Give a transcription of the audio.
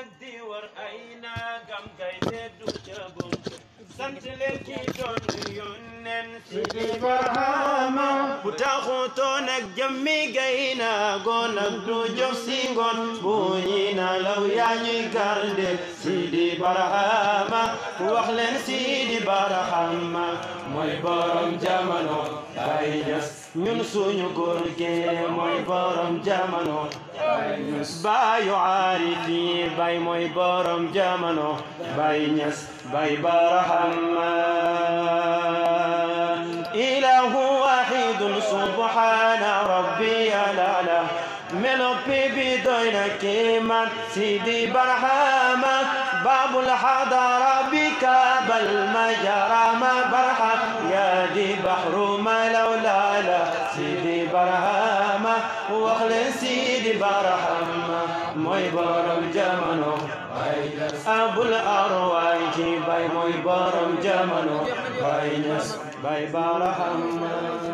nag di war ay naagam gay te du jabum sant leen ki doon yónneen si di barahama bu taxutoon ak jëmmi gay du jox si bu ñi na law yaa ñuy garde si di barahama wax mooy borom jamono Baay mooy borom jamono Baay Ñas baayu mooy borom jamono Baay Ñas baay barahama ilahu wahidun subhana rabbiyal a'la melo bi doy na kéemaan Sidi Barhama babul hadara bi kaabal majarama سيدي بحر ما لولا لا سيدي برهامة واخل سيدي برهامة موي برم جمنو أبو الأرواح باي موي برم جمنو باي نس باي برهامة